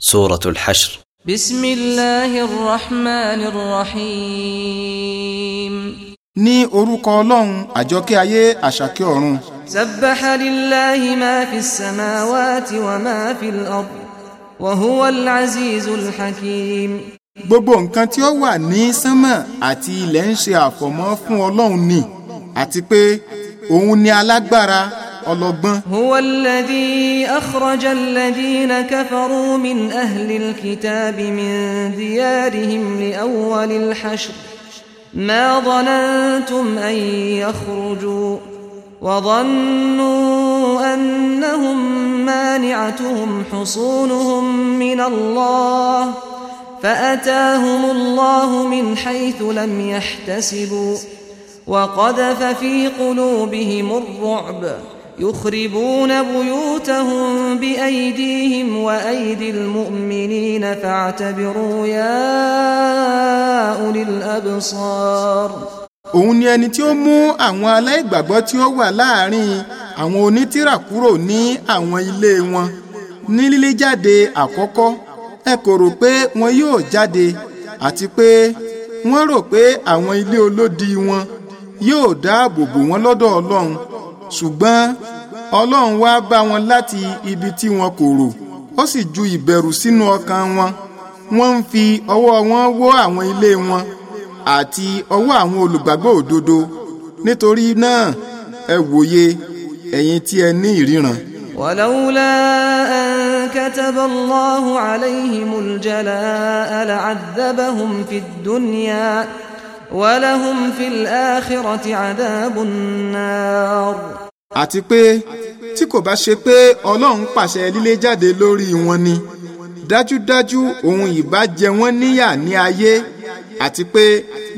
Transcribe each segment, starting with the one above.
سورة الحشر بسم الله الرحمن الرحيم ní orúkọ ọlọ́run àjọkẹ́ ayé àṣàkẹ́ ọ̀run. سبح لله ما في السماوات وما في الأرض وهو العزيز الحكيم. gbogbo nǹkan tí ó wà ní sánmọ̀ àti ilẹ̀ ń ṣe àfọ̀mọ́ fún ọlọ́run ni àti pé òun ni alágbára ọlọ́gbọ́n. هو الذي أخرج الذين كفروا من أهل الكتاب من ديارهم لأول الحشر ما ظننتم أن يخرجوا وظنوا أنهم مانعتهم حصونهم من الله فأتاهم الله من حيث لم يحتسبوا وقذف في قلوبهم الرعب يخربون بيوتهم بأيديهم وأيدي المؤمنين فاعتبروا يا أولي الأبصار òun ni ẹni tí ó mú àwọn aláìgbàgbọ́ tí ó wà láàrin àwọn onítìrà kúrò ní àwọn ilé wọn ní lílé jáde àkọ́kọ́ ẹ kò rò pé wọn yóò jáde àti pé wọ́n rò pé àwọn ilé olódi wọn yóò dáàbò bò wọ́n lọ́dọ̀ Ọlọ́run ṣùgbọ́n ọlọ́run wá bá wọn láti ibi tí wọn kò rò ó sì ju ìbẹ̀rù sínú ọkàn wọn wọ́n ń fi ọwọ́ wọn wó àwọn ilé wọn àti ọwọ́ àwọn olùgbàgbọ́ òdodo nítorí náà ẹ wòye ẹ̀yin tí ẹ ní ìríran. ولولا أن كتب الله عليهم الجلاء لعذبهم في الدنيا ولهم في الآخرة عذاب النار àti pé tí kò bá ṣe pé ọlọ́run pàṣẹ lílé jáde lórí wọn ni dájúdájú òun ìbá jẹ wọ́n níyà ní ayé àti pé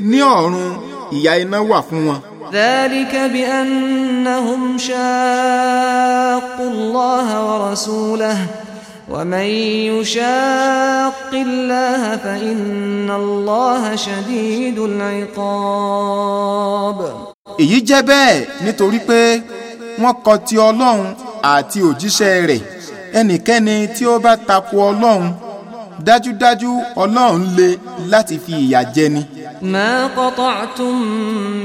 ní ọ̀run ìyà iná wà fún wọn. ذلك بأنهم شاقوا الله ورسوله ومن يشاق الله فإن الله شديد العقاب èyí jẹ́ bẹ́ẹ̀ nítorí pé wọ́n kọ̀ ti ọlọ́run àti òjíṣẹ́ rẹ̀ ẹnikẹ́ni tí ó bá tako ọlọ́run dájúdájú ọlọ́run le láti fi ìyà jẹni. ما قطعتم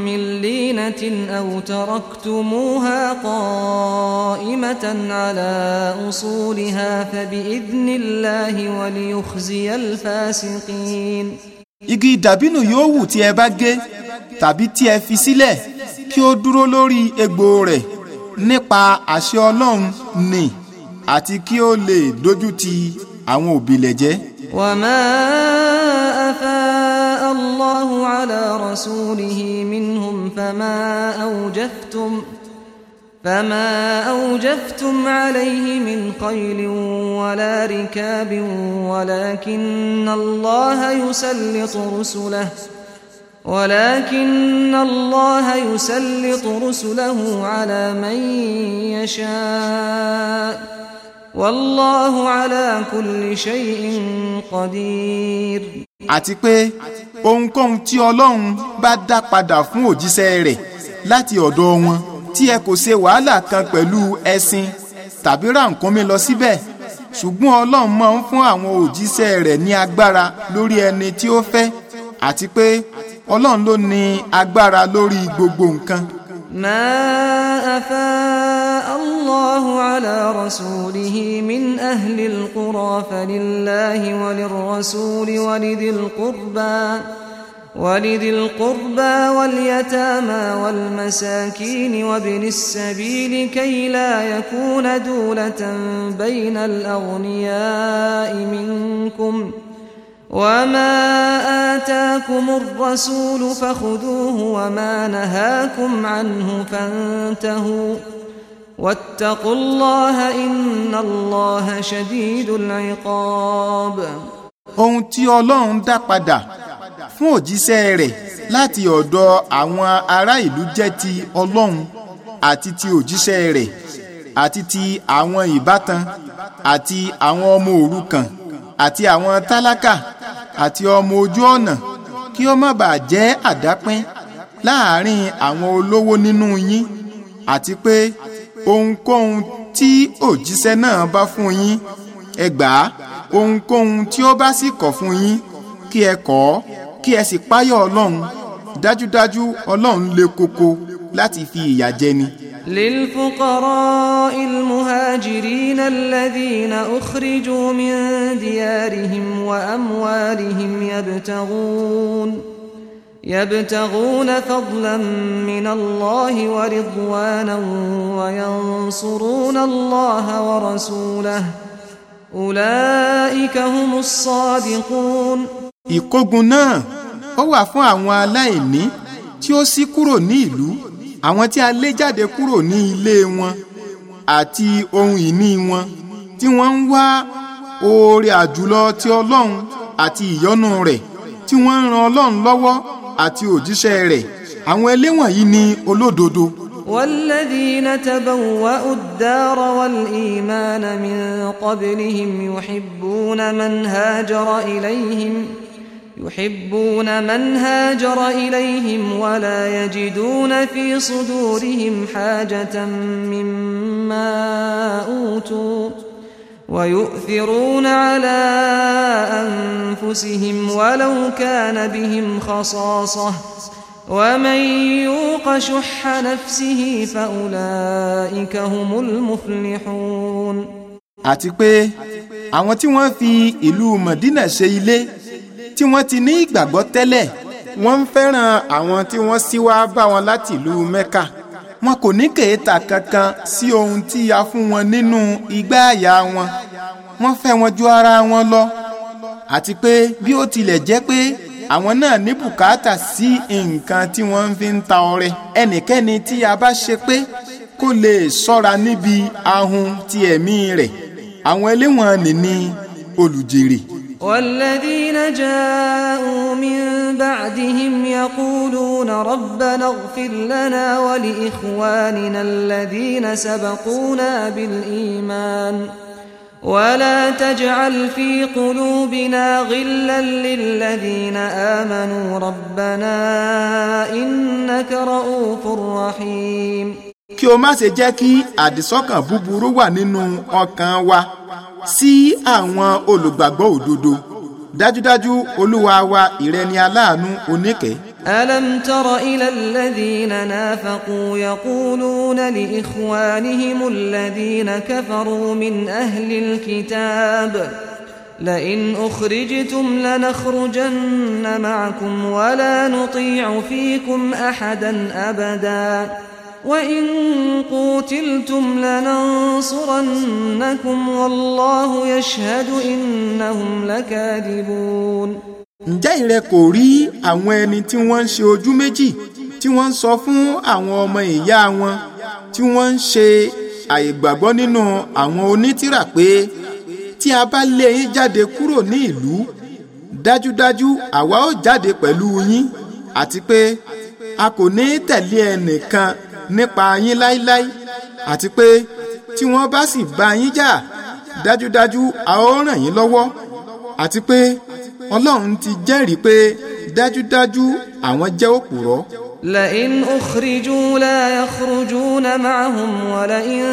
من لينة أو تركتموها قائمة على أصولها فبإذن الله وليخزي الفاسقين igi ìdàbínú yóò wù tí ẹ bá gé tàbí tí ẹ fi sílẹ̀ kí ó dúró lórí egbò rẹ̀ nípa àṣẹ ọlọ́run ni àti kí ó lè dójú ti àwọn òbílẹ̀ jẹ́. wàmà afáà. الله على رسوله منهم فما أوجفتم فما أوجفتم عليه من قيل ولا ركاب ولكن الله يسلط رسله ولكن الله يسلط رسله على من يشاء والله على كل شيء قدير àti pé ohunkóhun tí ọlọ́run bá dá padà fún òjíṣẹ́ rẹ̀ láti ọ̀dọ̀ wọn tí ẹ kò ṣe wàhálà kan pẹ̀lú ẹṣin tàbí rànkúnmí lọ síbẹ̀ ṣùgbọ́n ọlọ́run máa ń fún àwọn òjíṣẹ́ rẹ̀ ní agbára lórí ẹni tí ó fẹ́ àti pé ọlọ́run ló ní agbára lórí gbogbo nǹkan. máa afa. الله على رسوله من أهل القرى فلله وللرسول ولذي القربى ولذي القربى واليتامى والمساكين وابن السبيل كي لا يكون دولة بين الأغنياء منكم وما آتاكم الرسول فخذوه وما نهاكم عنه فانتهوا واتقوا الله إن الله شديد العقاب ohun tí ọlọ́run dá padà fún òjíṣẹ́ rẹ̀ láti ọ̀dọ̀ àwọn ará ìlú jẹ́ ti ọlọ́run àti ti òjíṣẹ́ rẹ̀ àti ti àwọn ìbátan àti àwọn ọmọ òrukàn àti àwọn tálákà àti ọmọ ojú ọ̀nà kí ó má bàa jẹ́ àdápín láàárín àwọn olówó nínú yín àti pé ohunkóhun tí òjíṣẹ́ náà bá fún yín ẹ ohunkóhun tí ó bá sì kọ̀ fún yín kí ẹ kọ̀ kí ẹ sì páyọ̀ ọlọ́run dájúdájú ọlọ́run le koko láti fi ìyà jẹni. للفقراء المهاجرين الذين أخرجوا من ديارهم وأموالهم يبتغون يبتغون فضلا من الله ورضوانا وينصرون الله ورسوله أولئك هم الصادقون ìkógun náà ó wà fún àwọn aláìní tí ó ṣí kúrò ní ìlú àwọn tí a lé jáde kúrò ní ilé wọn àti ohun ìní wọn tí wọ́n ń wá oore àjùlọ ti Ọlọ́run àti ìyọ́nú rẹ̀ tí wọ́n ń ran Ọlọ́run lọ́wọ́ àti òjíṣẹ́ rẹ̀ àwọn ẹlẹ́wọ̀n yìí ni olódodo. والذين تبوأوا الدار والإيمان من قبلهم يحبون من هاجر إليهم يحبون من هاجر إليهم ولا يجدون في صدورهم حاجة مما أوتوا ويؤثرون على أنفسهم ولو كان بهم خصاصة ومن يوق شح نفسه فأولئك هم المفلحون àti pé àwọn tí wọ́n fi ìlú Mọ̀dínà ṣe ilé tí wọ́n ti ní ìgbàgbọ́ tẹ́lẹ̀ wọ́n ń fẹ́ràn àwọn tí wọ́n ṣí wá bá wọn láti ìlú Mẹ́kà wọn kò ní kèéta kankan sí ohun tí a fún wọn nínú igbá àyà wọn wọ́n fẹ́ wọn ju ara wọn lọ àti pé bí ó tilẹ̀ jẹ́ pé àwọn náà ní bùkátà sí nǹkan tí wọ́n fi ń ta ọrẹ ẹnikẹ́ni tí a bá ṣe pé kó lè ṣọ́ra níbi ahun ti ẹ̀mí rẹ̀ àwọn eléwọ̀n nìní olùjèrè. والذين جاءوا من بعدهم يقولون ربنا اغفر لنا ولإخواننا الذين سبقونا بالإيمان ولا تجعل في قلوبنا غلا للذين آمنوا ربنا إنك رؤوف رحيم kí o má ṣe jẹ́ kí àdìsọ́kàn búburú wà nínú ọkàn wa sí àwọn olùgbàgbọ́ òdodo dájúdájú olúwa wa ìrẹ́ ni aláàánú oníkẹ́. ألم تر إلى الذين نافقوا يقولون لإخوانهم الذين كفروا من أهل الكتاب لئن أخرجتم لنخرجن معكم ولا نطيع فيكم أحدا أبداً وإن قوتلتم لننصرنكم والله يشهد إنهم لكاذبون ǹjẹ́ ìrẹ kò rí àwọn ẹni tí wọ́n ń ṣe ojú méjì tí wọ́n ń sọ fún àwọn ọmọ ìyá wọn tí wọ́n ń ṣe àìgbàgbọ́ nínú àwọn onítìrà pé tí a bá lé yín jáde kúrò ní ìlú dájúdájú àwa ó jáde pẹ̀lú yín àti pé a kò ní tẹ̀lé ẹnìkan nípa yín láíláí àti pé tí wọ́n bá sì bá yín jà dájúdájú a ó ràn yín lọ́wọ́ àti pé ọlọ́run ti jẹ́rìí pé dájúdájú àwọn jẹ́ òpùrọ́. لئن أخرجوا لا يخرجون معهم ولئن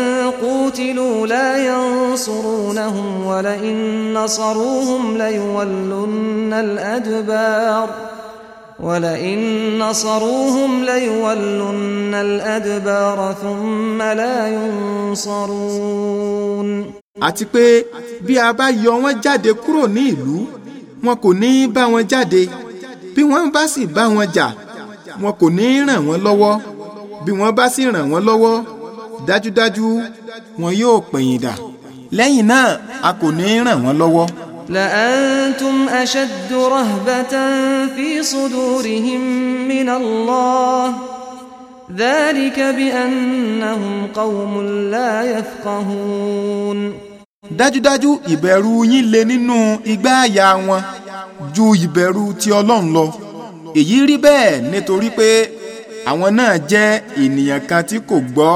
قوتلوا لا ينصرونهم ولئن نصروهم ليولن الأدبار ولئن نصروهم ليولن الأدبار ثم لا ينصرون àti pé bí a bá yọ wọn jáde kúrò ní ìlú wọn kò ní í bá wọn jáde bí wọn bá sì bá wọn jà wọn kò ní í ràn wọn lọ́wọ́ bí wọn bá sì ràn wọn lọ́wọ́ dájúdájú wọn yóò pẹ̀yìn dà lẹ́yìn náà a kò ní í ràn wọn lọ́wọ́. لأنتم أشد رهبة في صدورهم من الله ذلك بأنهم قوم لا يفقهون dájúdájú ìbẹ̀rù yín lé nínú igbá àyà wọn ju ìbẹ̀rù ti ọlọ́run lọ èyí rí bẹ́ẹ̀ nítorí pé àwọn náà jẹ́ ènìyàn kan tí kò gbọ́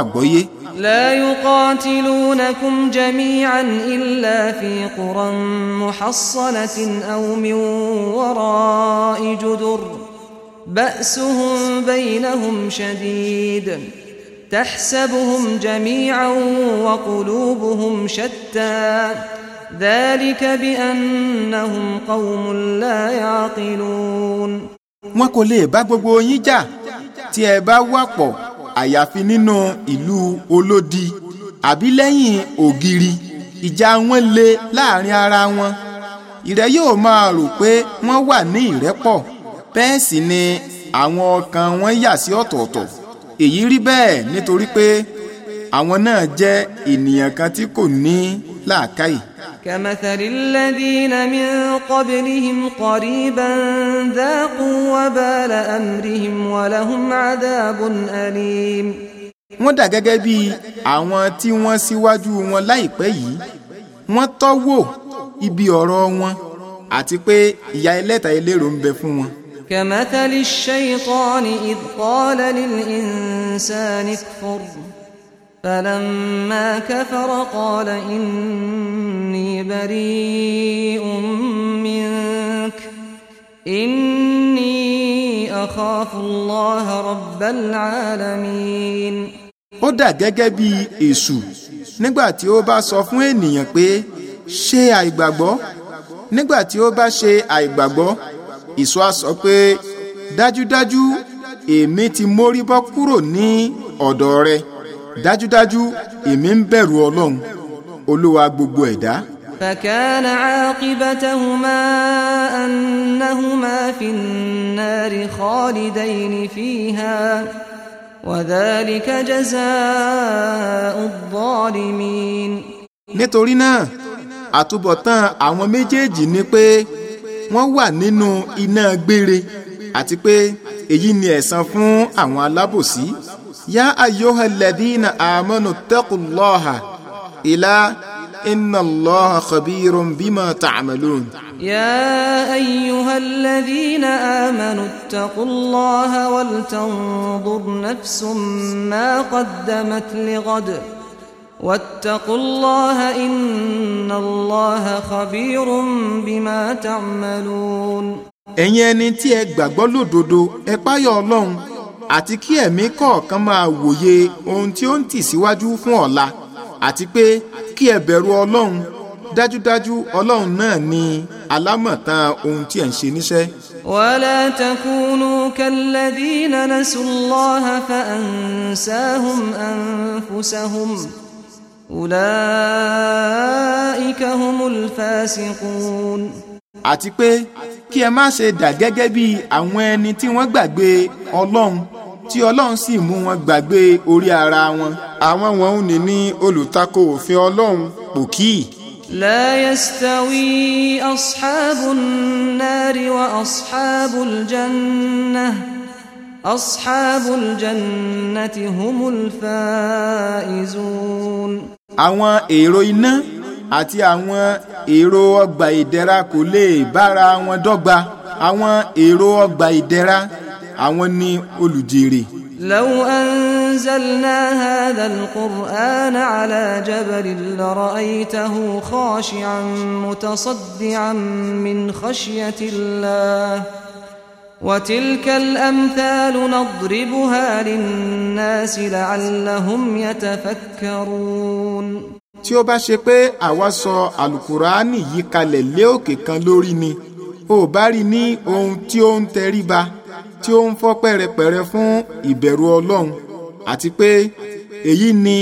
àgbọ́yé. لا يقاتلونكم جميعا إلا في قرى محصنة أو من وراء جدر بأسهم بينهم شديد تحسبهم جميعا وقلوبهم شتى ذلك بأنهم قوم لا يعقلون wọn بابو lè تي بابو yín àyàfi nínú ìlú olódi àbí lẹ́yìn ògiri ìjà wọn le láàrin ara wọn ìrẹ yóò máa rò pé wọ́n wà ní ìrẹ́pọ̀ bẹ́ẹ̀ sì ni àwọn ọkàn wọn yà sí ọ̀tọ̀ọ̀tọ̀ èyí rí bẹ́ẹ̀ nítorí pé àwọn náà jẹ́ ènìyàn kan tí kò ní làákàyè. كمثل الذين من قبلهم قريبا ذاقوا وبال أمرهم ولهم عذاب أليم wọ́n dà gẹ́gẹ́ bí àwọn tí wọ́n síwájú wọn láìpẹ́ yìí wọ́n tọ́wò ibi ọ̀rọ̀ wọn àti pé ìyà ẹlẹ́ta eléro ń bẹ fún wọn. كمثل الشيطان إذ قال للإنسان اكفر فلما كفر قال إني بريء منك إني أخاف الله رب العالمين ó dà gẹ́gẹ́ bí èṣù nígbà tí ó bá sọ fún ènìyàn pé ṣe àìgbàgbọ́ nígbà tí ó bá ṣe àìgbàgbọ́ èṣù á sọ pé dájúdájú èmi ti mórí bọ́ kúrò ní ọ̀dọ̀ rẹ dájúdájú èmi ń bẹ̀rù ọlọ́run olúwa gbogbo ẹ̀dá. فكان عاقبتهما أنهما في النار خالدين فيها وذلك جزاء الظالمين nítorí náà àtúbọ̀tán àwọn méjèèjì ni pé wọ́n wà nínú iná gbére àti pé èyí ni ẹ̀san fún àwọn alábòsí. يا أيها الذين آمنوا اتقوا الله إلى إن الله خبير بما تعملون يا أيها الذين آمنوا اتقوا الله ولتنظر نفس ما قدمت لغد واتقوا الله إن الله خبير بما تعملون إن ẹni أكبر بلو دودو أكبر ẹ àti kí ẹ̀mí kọ̀ọ̀kan máa wòye ohun tí ó ń tì síwájú fún ọ̀la àti pé kí ẹ bẹ̀rù ọlọ́run dájúdájú ọlọ́run náà ni alámọ̀tán ohun tí ẹ̀ ń ṣe níṣẹ́. wàlá takunu kàlẹ́dínà nasùlọ́hà fa ànsahum ànfusahum ulaika humul fasikun. àti pé kí ẹ má ṣe dà gẹ́gẹ́ bí àwọn ẹni tí wọ́n gbàgbé ọlọ́run tí ọlọ́run sì mú wọn gbàgbé orí ara wọn. àwọn wọn ò ní ní olùtakò òfin ọlọ́run pòkì. لا يستوي أصحاب النار وأصحاب الجنة أصحاب الجنة هم الفائزون. àwọn èrò iná àti àwọn èrò ọgbà ìdẹ̀ra kò lè bára wọn dọ́gba àwọn èrò ọgbà ìdẹ̀ra àwọn ni olùjèrè. لو أنزلنا هذا القرآن على جبل لرأيته خاشعا متصدعا من خشية الله وتلك الأمثال نضربها للناس لعلهم يتفكرون tí ó bá ṣe pé àwa sọ àlùkùránì yìí kalẹ̀ lé òkè kan lórí ni ó bá rí ní ohun tí ó ń fọ́ pẹ̀rẹ̀pẹ̀rẹ̀ fún ìbẹ̀rù ọlọ́run àti pé èyí ni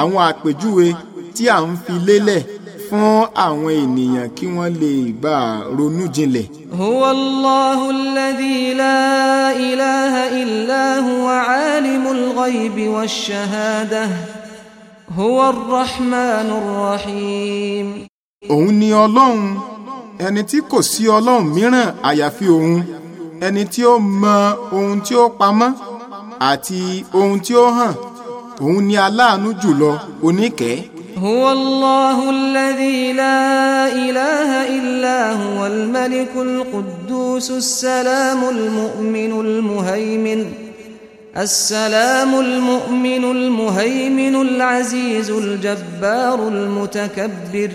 àwọn àpèjúwe tí à ń fi lélẹ̀ fún àwọn ènìyàn kí wọ́n lè bá ronú jinlẹ̀. huwa allahu alladhi la ilaha illa huwa alimul ghaybi wash shahada huwa arrahmanur rahim. òun ni ọlọ́run ẹni tí kò sí ẹni tí ó mọ ohun tí ó pamọ́ àti ohun tí ó hàn òun ni aláàánú jùlọ oníkẹ́. هو الله الذي لا إله إلا هو الملك القدوس السلام المؤمن المهيمن السلام المؤمن المهيمن العزيز الجبار المتكبر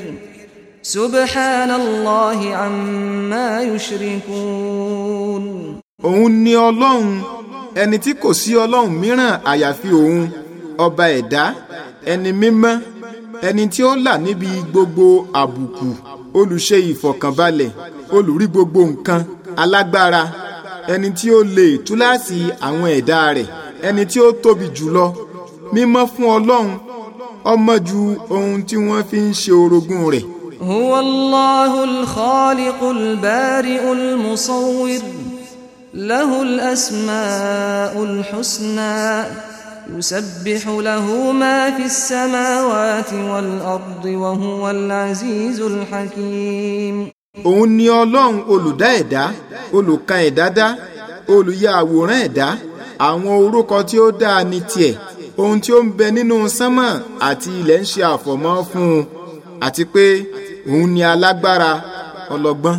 سبحان الله عما يشركون òun ni ọlọ́run ẹni tí kò sí ọlọ́run mìíràn àyàfi òun ọba ẹ̀dá ẹni mímọ́ ẹni tí ó là níbi gbogbo àbùkù olùṣe ìfọ̀kànbalẹ̀ olùrí gbogbo nǹkan alágbára ẹni tí ó lè túláàsì àwọn ẹ̀dá rẹ̀ ẹni tí ó tóbi jùlọ mímọ́ fún ọlọ́run ọmọ ju ohun tí wọ́n fi ń ṣe orogún rẹ̀ هو الله الخالق البارئ المصور له الأسماء الحسنى يسبح له ما في السماوات والأرض وهو العزيز الحكيم òun ni ọlọ́run olùdá ẹ̀dá olùka ẹ̀dá dá olùyà àwòrán ẹ̀dá àwọn orúkọ tí ó dáa ní tiẹ̀ ohun tí ó ń bẹ nínú sánmọ̀ àti ilẹ̀ ń ṣe àfọ̀mọ́ fún un àti pé òun ni alágbára ọlọ́gbọ́n.